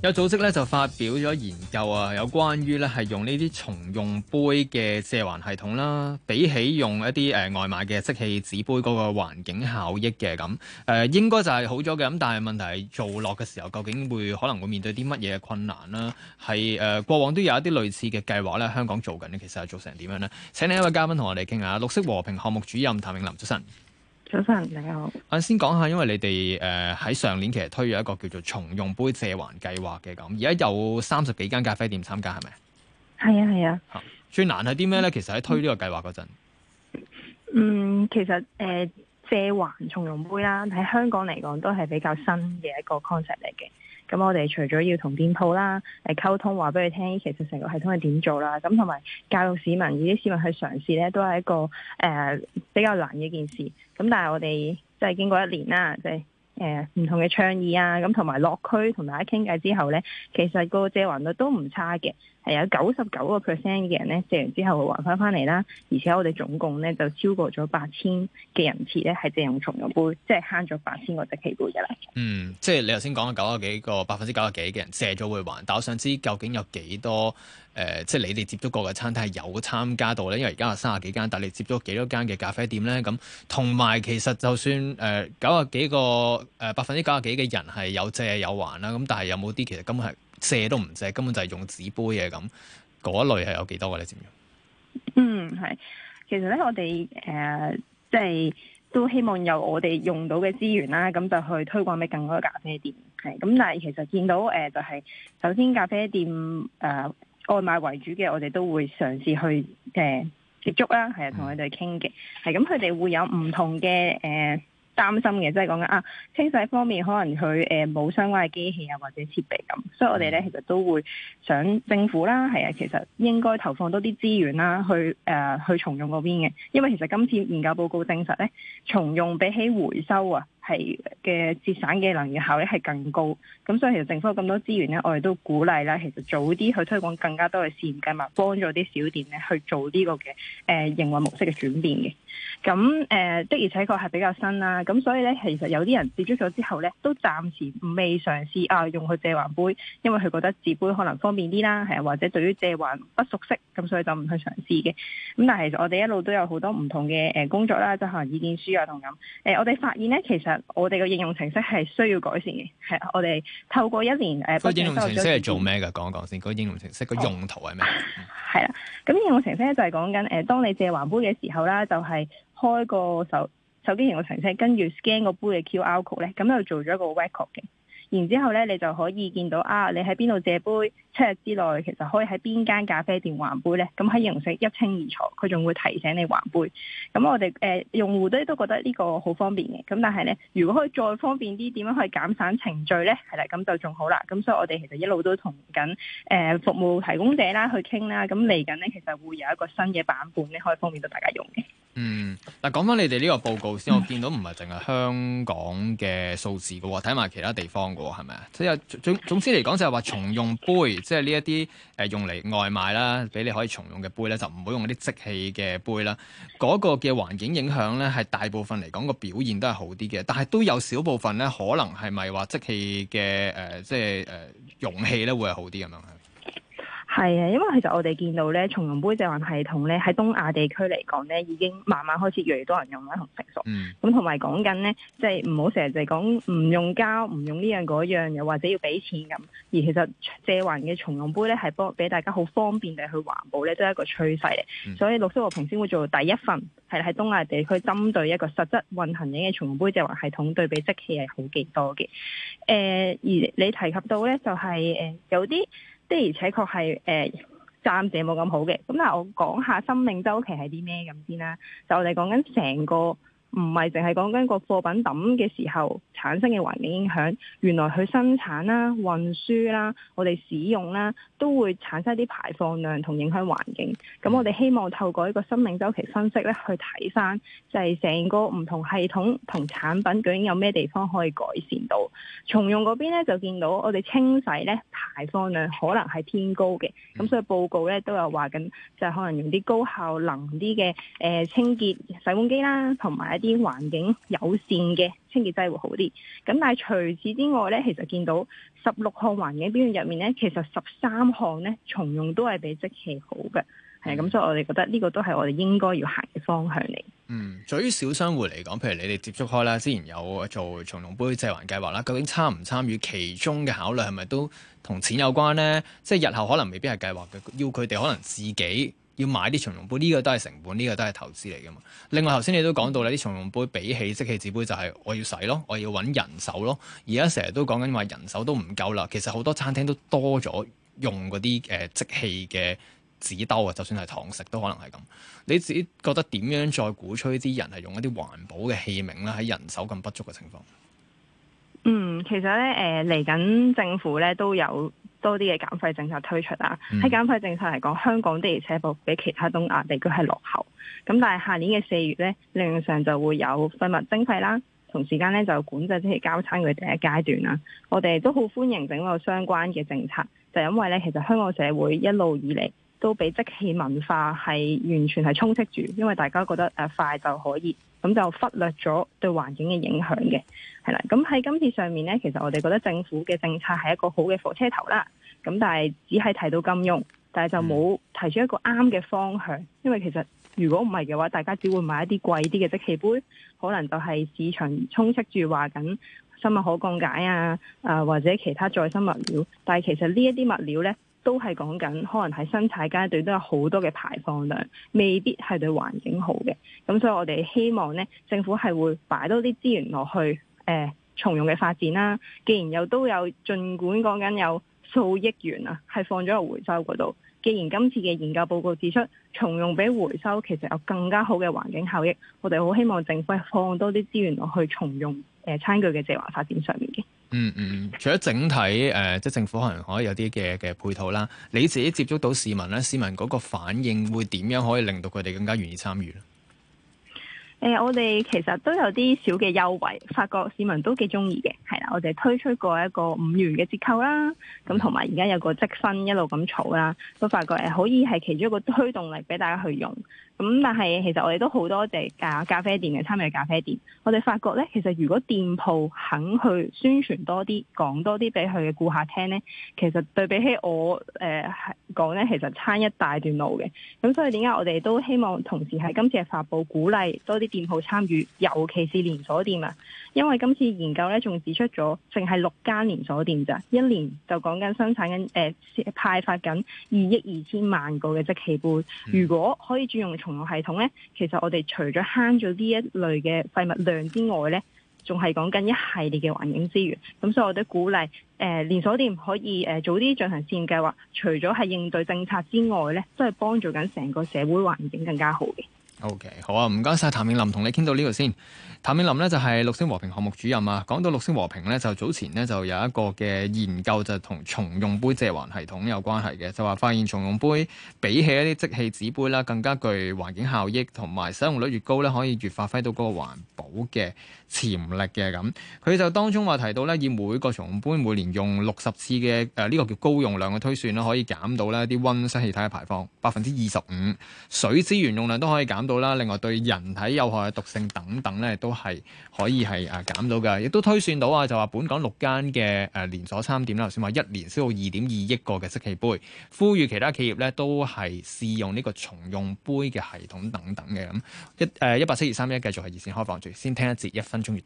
有組織咧就發表咗研究啊，有關於咧係用呢啲重用杯嘅借還系統啦，比起用一啲誒、呃、外賣嘅即棄紙杯嗰個環境效益嘅咁，誒、呃、應該就係好咗嘅咁。但係問題係做落嘅時候，究竟會可能會面對啲乜嘢困難啦、啊？係誒、呃、過往都有一啲類似嘅計劃咧，香港做緊呢，其實係做成點樣呢？請另一位嘉賓同我哋傾下，綠色和平項目主任譚穎琳早晨。早晨，大家好。啊，先講下，因為你哋誒喺上年其實推咗一個叫做重用杯借還計劃嘅咁，而家有三十幾間咖啡店參加係咪？係啊，係啊。吓，最難係啲咩咧？其實喺推呢個計劃嗰陣，嗯，其實誒、呃、借還重用杯啦，喺香港嚟講都係比較新嘅一個 concept 嚟嘅。咁我哋除咗要同店鋪啦，誒溝通話俾佢聽，其實成個系統係點做啦，咁同埋教育市民，而啲市民去嘗試咧，都係一個誒、呃、比較難嘅一件事。咁但係我哋即係經過一年啦，即係。誒唔，呃、同嘅倡議啊，咁同埋落區同大家傾偈之後咧，其實個借還率都唔差嘅，係有九十九個 percent 嘅人咧，借完之後會還翻翻嚟啦。而且我哋總共咧就超過咗八千嘅人次咧，係借用重用杯，即係慳咗八千個即棄杯噶啦。嗯，即係你頭先講緊九十幾個百分之九十幾嘅人借咗會還，但我想知究竟有幾多？誒、呃，即係你哋接觸過嘅餐廳係有參加到咧，因為而家係三十幾間，但係你接觸幾多間嘅咖啡店咧？咁同埋其實就算誒九十幾個誒百分之九十幾嘅人係有借有還啦，咁但係有冇啲其實根本係借都唔借，根本就係用紙杯嘅咁嗰類係有幾多嘅咧？佔，嗯係，其實咧我哋誒即係都希望有我哋用到嘅資源啦，咁就去推廣畀更多咖啡店係咁。但係其實見到誒、呃，就係、是、首先咖啡店誒。呃外賣為主嘅，我哋都會嘗試去誒、呃、接觸啦，係啊，同佢哋傾嘅，係咁佢哋會有唔同嘅誒、呃、擔心嘅，即係講緊啊清洗方面可能佢誒冇相關嘅機器啊或者設備咁、啊，所以我哋咧其實都會想政府啦，係啊，其實應該投放多啲資源啦，去誒、呃、去重用嗰邊嘅，因為其實今次研究報告證實咧，重用比起回收啊。係嘅節省嘅能源效率係更高，咁所以其實政府有咁多資源呢，我哋都鼓勵啦，其實早啲去推廣更加多嘅試驗計劃，幫助啲小店咧去做呢個嘅誒營運模式嘅轉變嘅。咁誒、呃、的而且確係比較新啦，咁、啊、所以呢，其實有啲人接觸咗之後呢，都暫時未嘗試啊用佢借還杯，因為佢覺得自杯可能方便啲啦，係啊，或者對於借還不熟悉，咁所以就唔去嘗試嘅。咁但係其實我哋一路都有好多唔同嘅誒工作啦，即係可能意見書啊同咁誒，我哋發現呢，其實。我哋個應用程式係需要改善嘅，係我哋透過一年誒，個應用程式係做咩噶？講一講先，個應用程式個用途係咩？係啦，咁應用程式咧就係講緊誒，當你借環保杯嘅時候啦，就係、是、開個手手機應用程式，跟住 scan 個杯嘅 QR code 咧，咁就做咗個 record 嘅。然之後咧，你就可以見到啊，你喺邊度借杯，七日之內其實可以喺邊間咖啡店還杯咧。咁喺形式一清二楚，佢仲會提醒你還杯。咁我哋誒、呃、用戶都都覺得呢個好方便嘅。咁但係咧，如果可以再方便啲，點樣可以減省程序咧？係啦，咁就仲好啦。咁所以我哋其實一路都同緊誒服務提供者啦去傾啦。咁嚟緊咧，其實會有一個新嘅版本咧，可以方便到大家用嘅。嗯，嗱，講翻你哋呢個報告先，我見到唔係淨係香港嘅數字嘅喎，睇埋其他地方嘅喎，係咪啊？所以總總之嚟講就係、是、話重用杯，即係呢一啲誒用嚟外賣啦，俾你可以重用嘅杯咧，就唔好用嗰啲即棄嘅杯啦。嗰、那個嘅環境影響咧，係大部分嚟講個表現都係好啲嘅，但係都有少部分咧，可能係咪話即棄嘅誒、呃，即係誒、呃、容器咧會係好啲咁樣？係啊，因為其實我哋見到咧，重用杯借還系統咧，喺東亞地區嚟講咧，已經慢慢開始越嚟越多人用啦，同成熟。咁同埋講緊咧，即係唔好成日就講、係、唔用膠、唔用呢樣嗰樣，又或者要俾錢咁。而其實借還嘅重用杯咧，係幫俾大家好方便地去環保咧，都係一個趨勢嚟。嗯、所以綠色和平先會做第一份，係喺東亞地區針對一個實質運行嘅重用杯借還系統對比，即係係好幾多嘅。誒、呃，而你提及到咧，就係、係、誒有啲。的而且確係誒、呃、暫時冇咁好嘅。咁但我講下生命周期係啲咩咁先啦。就我哋講緊成個。唔係淨係講緊個貨品抌嘅時候產生嘅環境影響，原來佢生產啦、運輸啦、我哋使用啦，都會產生一啲排放量同影響環境。咁我哋希望透過一個生命周期分析咧，去睇返就係成個唔同系統同產品究竟有咩地方可以改善到。重用嗰邊咧就見到我哋清洗咧排放量可能係偏高嘅，咁所以報告咧都有話緊，就係可能用啲高效能啲嘅誒清潔洗碗機啦，同埋，啲環境友善嘅清潔劑會好啲，咁但係除此之外呢，其實見到十六項環境標準入面呢，其實十三項呢，重用都係比即棄好嘅，係咁、嗯，所以我哋覺得呢個都係我哋應該要行嘅方向嚟。嗯，至於小商戶嚟講，譬如你哋接觸開啦，之前有做重用杯製環計劃啦，究竟參唔參與其中嘅考慮係咪都同錢有關呢？即係日後可能未必係計劃嘅，要佢哋可能自己。要買啲重用杯，呢個都係成本，呢個都係投資嚟嘅嘛。另外頭先你都講到啦，啲重用杯比起即棄紙杯就係我要洗咯，我要揾人手咯。而家成日都講緊話人手都唔夠啦，其實好多餐廳都多咗用嗰啲誒即棄嘅紙兜啊，就算係堂食都可能係咁。你自己覺得點樣再鼓吹啲人係用一啲環保嘅器皿啦？喺人手咁不足嘅情況？嗯，其實咧，誒嚟緊政府咧都有多啲嘅減費政策推出啦。喺、嗯、減費政策嚟講，香港的而且確比其他東亞地區係落後。咁但係下年嘅四月咧，理論上就會有廢物徵費啦，同時間咧就管制即係交餐嘅第一階段啦。我哋都好歡迎整個相關嘅政策，就係、因為咧其實香港社會一路以嚟，都俾即棄文化係完全係充斥住，因為大家覺得誒、啊、快就可以，咁就忽略咗對環境嘅影響嘅，係啦。咁喺今次上面呢，其實我哋覺得政府嘅政策係一個好嘅火車頭啦。咁但係只係提到禁用，但係就冇提出一個啱嘅方向。因為其實如果唔係嘅話，大家只會買一啲貴啲嘅即棄杯，可能就係市場充斥住話緊生物可降解啊，誒、呃、或者其他再生物料。但係其實呢一啲物料呢。都係講緊，可能喺生產階段都有好多嘅排放量，未必係對環境好嘅。咁所以，我哋希望咧，政府係會擺多啲資源落去誒、呃、重用嘅發展啦。既然又都有，儘管講緊有數億元啊，係放咗落回收嗰度。既然今次嘅研究報告指出，重用比回收其實有更加好嘅環境效益，我哋好希望政府係放多啲資源落去重用誒、呃、餐具嘅借還發展上面嘅。嗯嗯嗯，除咗整體誒，即、呃、係政府可能可以有啲嘅嘅配套啦，你自己接觸到市民啦，市民嗰個反應會點樣可以令到佢哋更加願意參與咧？誒、呃，我哋其實都有啲小嘅優惠，發覺市民都幾中意嘅，係啦，我哋推出過一個五元嘅折扣啦，咁同埋而家有個積分一路咁儲啦，都發覺誒、呃、可以係其中一個推動力俾大家去用。咁但係其實我哋都好多謝咖咖啡店嘅參與咖啡店，我哋發覺呢，其實如果店鋪肯去宣傳多啲，講多啲俾佢嘅顧客聽呢，其實對比起我誒、呃講咧其實差一大段路嘅，咁所以點解我哋都希望同時係今次係發布鼓勵多啲店鋪參與，尤其是連鎖店啊，因為今次研究咧仲指出咗，淨係六間連鎖店咋，一年就講緊生產緊誒、呃、派發緊二億二千萬個嘅即棄杯，如果可以轉用重用系統咧，其實我哋除咗慳咗呢一類嘅廢物量之外咧。仲係講緊一系列嘅環境資源，咁所以我都鼓勵，誒、呃、連鎖店可以誒、呃、早啲進行試驗計劃，除咗係應對政策之外咧，都係幫助緊成個社會環境更加好嘅。O.K. 好啊，唔該晒。譚穎琳，同你傾到呢度先。譚穎琳呢就係、是、綠色和平項目主任啊。講到綠色和平呢，就早前呢就有一個嘅研究，就同重用杯借環系統有關係嘅，就話發現重用杯比起一啲即棄紙杯啦，更加具環境效益，同埋使用率越高呢，可以越發揮到嗰個環保嘅潛力嘅咁。佢就當中話提到呢，以每個重用杯每年用六十次嘅誒呢個叫高用量嘅推算咧，可以減到呢啲溫室氣體嘅排放百分之二十五，水資源用量都可以減。到啦，另外對人體有害嘅毒性等等咧，都係可以係啊減到嘅。亦都推算到啊，就話本港六間嘅誒連鎖餐店啦，頭先話一年消耗二點二億個嘅即棄杯，呼籲其他企業咧都係試用呢個重用杯嘅系統等等嘅咁一誒一百七二三一繼續係熱線開放住。先聽一節一分鐘